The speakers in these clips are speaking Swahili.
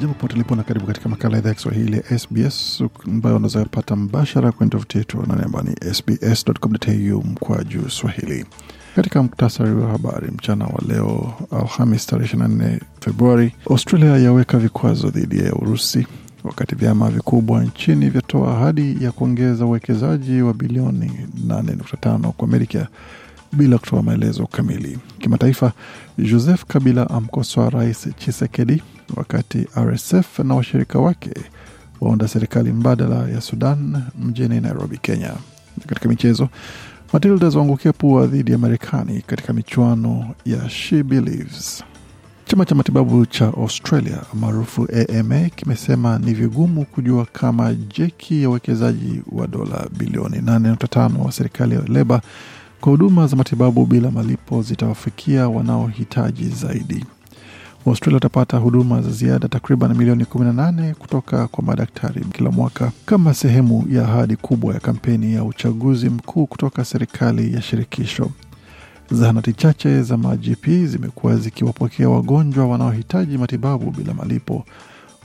Jambo pote lipo na karibu katika makala idhaa ya Kiswahili ya SBS ambayo unaweza mbashara kwenye tovuti yetu anwani ambayo ni sbs.com.au mkwa juu Swahili. Katika muktasari wa habari mchana wa leo Alhamis tarehe 24 Februari, Australia yaweka vikwazo dhidi ya Urusi wakati vyama vikubwa nchini vyatoa ahadi ya kuongeza uwekezaji wa bilioni 8.5 kwa Amerika bila kutoa maelezo kamili. Kimataifa, Joseph Kabila amkosoa Rais Chisekedi wakati RSF na washirika wake waunda serikali mbadala ya Sudan mjini Nairobi, Kenya. Katika michezo, Matildas waangukia pua dhidi ya Marekani katika michuano ya She Believes. Chama cha matibabu cha Australia maarufu AMA kimesema ni vigumu kujua kama jeki ya uwekezaji wa dola bilioni 8.5 wa serikali ya Leba kwa huduma za matibabu bila malipo zitawafikia wanaohitaji zaidi. Waustralia utapata huduma za ziada takriban milioni 18 kutoka kwa madaktari kila mwaka kama sehemu ya ahadi kubwa ya kampeni ya uchaguzi mkuu kutoka serikali ya shirikisho. Zahanati chache za ma zimekuwa zikiwapokea wagonjwa wanaohitaji matibabu bila malipo,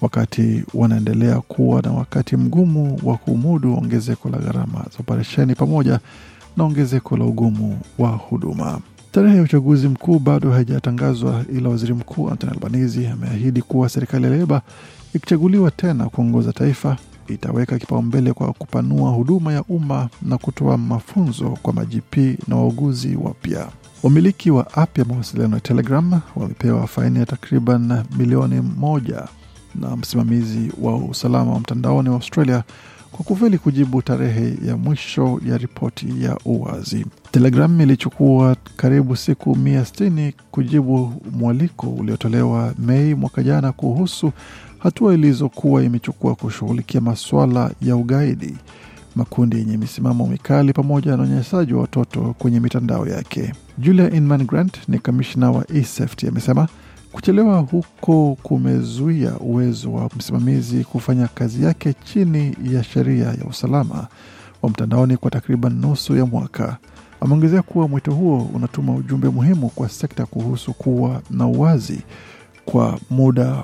wakati wanaendelea kuwa na wakati mgumu wa kumudu ongezeko la gharama za operesheni pamoja na ongezeko la ugumu wa huduma. Tarehe ya uchaguzi mkuu bado haijatangazwa, ila waziri mkuu Anthony Albanese ameahidi kuwa serikali ya Leba ikichaguliwa tena kuongoza taifa itaweka kipaumbele kwa kupanua huduma ya umma na kutoa mafunzo kwa majipii na wauguzi wapya. Wamiliki wa app ya mawasiliano ya Telegram wamepewa faini ya takriban milioni moja na msimamizi wa usalama wa mtandaoni wa Australia kwa kufeli kujibu tarehe ya mwisho ya ripoti ya uwazi. Telegram ilichukua karibu siku mia sitini kujibu mwaliko uliotolewa Mei mwaka jana kuhusu hatua ilizokuwa imechukua kushughulikia masuala ya ugaidi, makundi yenye misimamo mikali pamoja na unyanyasaji wa watoto kwenye mitandao yake. Julia Inman Grant ni kamishna wa eSafety amesema Kuchelewa huko kumezuia uwezo wa msimamizi kufanya kazi yake chini ya sheria ya usalama wa mtandaoni kwa takriban nusu ya mwaka. Ameongezea kuwa mwito huo unatuma ujumbe muhimu kwa sekta kuhusu kuwa na uwazi kwa muda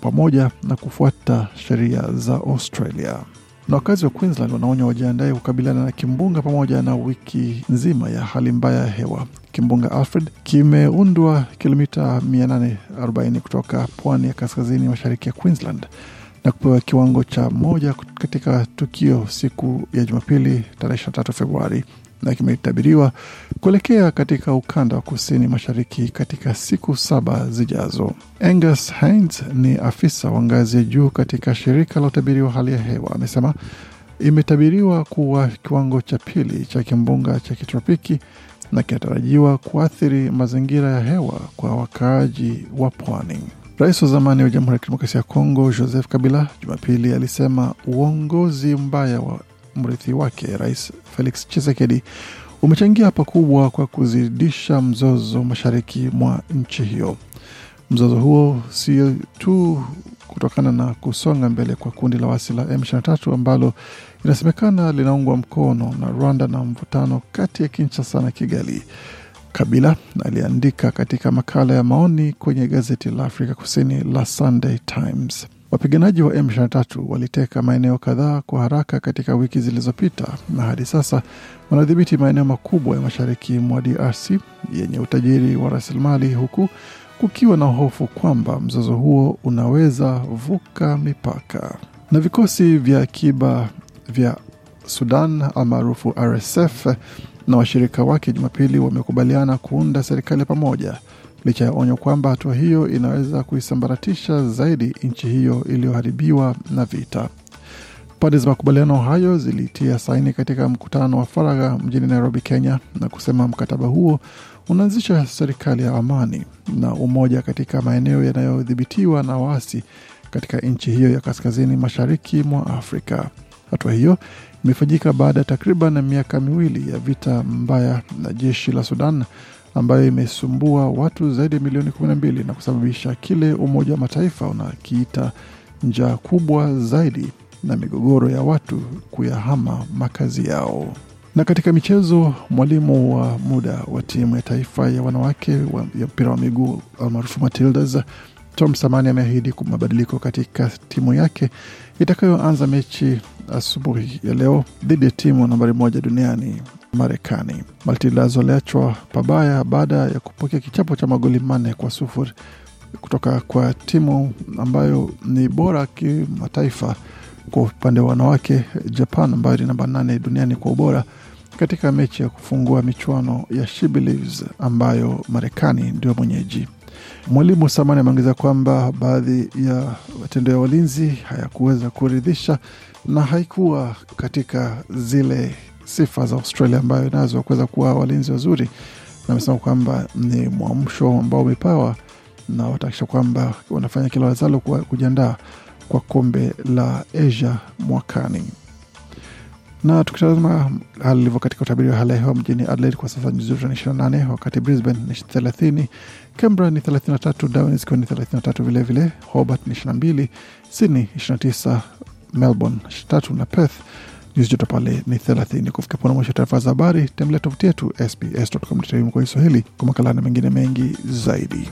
pamoja na kufuata sheria za Australia. Na wakazi wa Queensland wanaonya wajiandae kukabiliana na kimbunga pamoja na wiki nzima ya hali mbaya ya hewa. Kimbunga Alfred kimeundwa kilomita 840 kutoka pwani ya kaskazini mashariki ya Queensland na kupewa kiwango cha moja katika tukio siku ya Jumapili tarehe 23 Februari na kimetabiriwa kuelekea katika ukanda wa kusini mashariki katika siku saba zijazo. Angus Hines ni afisa wa ngazi ya juu katika shirika la utabiri wa hali ya hewa amesema imetabiriwa kuwa kiwango cha pili cha kimbunga cha kitropiki na kinatarajiwa kuathiri mazingira ya hewa kwa wakaaji wa pwani. Rais wa zamani wa Jamhuri ya Kidemokrasia ya Kongo Joseph Kabila Jumapili alisema uongozi mbaya wa mrithi wake Rais Felix chisekedi umechangia pakubwa kwa kuzidisha mzozo mashariki mwa nchi hiyo. Mzozo huo sio tu kutokana na kusonga mbele kwa kundi la wasi la M23 ambalo inasemekana linaungwa mkono na Rwanda na mvutano kati ya Kinshasa na Kigali. Kabila aliandika katika makala ya maoni kwenye gazeti la Afrika Kusini la Sunday Times. Wapiganaji wa M23 waliteka maeneo kadhaa kwa haraka katika wiki zilizopita na hadi sasa wanadhibiti maeneo makubwa ya mashariki mwa DRC yenye utajiri wa rasilimali huku kukiwa na hofu kwamba mzozo huo unaweza vuka mipaka. Na vikosi vya akiba vya Sudan almaarufu RSF na washirika wake Jumapili wamekubaliana kuunda serikali pamoja licha ya onyo kwamba hatua hiyo inaweza kuisambaratisha zaidi nchi hiyo iliyoharibiwa na vita. Pande za makubaliano hayo zilitia saini katika mkutano wa faragha mjini Nairobi, Kenya, na kusema mkataba huo unaanzisha serikali ya amani na umoja katika maeneo yanayodhibitiwa na waasi katika nchi hiyo ya kaskazini mashariki mwa Afrika. Hatua hiyo imefanyika baada ya takriban miaka miwili ya vita mbaya na jeshi la Sudan ambayo imesumbua watu zaidi ya milioni mbili na kusababisha kile Umoja wa Mataifa unakiita njaa kubwa zaidi na migogoro ya watu kuyahama makazi yao. Na katika michezo, mwalimu wa muda wa timu ya taifa ya wanawake wa, ya mpira wa miguu almaarufu Matildas Tom Samani ameahidi mabadiliko katika timu yake itakayoanza mechi asubuhi ya leo dhidi ya timu nambari moja duniani Marekani. Malitilazwa aliachwa pabaya baada ya kupokea kichapo cha magoli manne kwa sufuri kutoka kwa timu ambayo ni bora kimataifa kwa upande wa wanawake, Japan ambayo ni namba nane duniani kwa ubora katika mechi ya kufungua michuano ya She Believes ambayo Marekani ndio mwenyeji. Mwalimu Samani ameongeza kwamba baadhi ya matendo ya walinzi hayakuweza kuridhisha na haikuwa katika zile sifa za Australia ambayo nazo kuweza kuwa walinzi wazuri, na amesema kwamba ni mwamsho ambao umepawa na watahakikisha kwamba wanafanya kila wazalo kujiandaa kwa kombe la Asia mwakani. Na tukitazama hali ilivyo katika utabiri wa hali ya hewa mjini Adelaide kwa sasa nyuzi joto ni 28, wakati Brisbane ni 30, Canberra ni 33, Darwin zikiwa ni 33 vilevile, Hobart ni 22, Sydney 29, Melbourne 23 na Perth nyuzi joto pale ni 30. kufika pona mwisho taarifa za habari, tembelea tovuti yetu sbs.com.au kwa Kiswahili kwa makala na mengine mengi zaidi.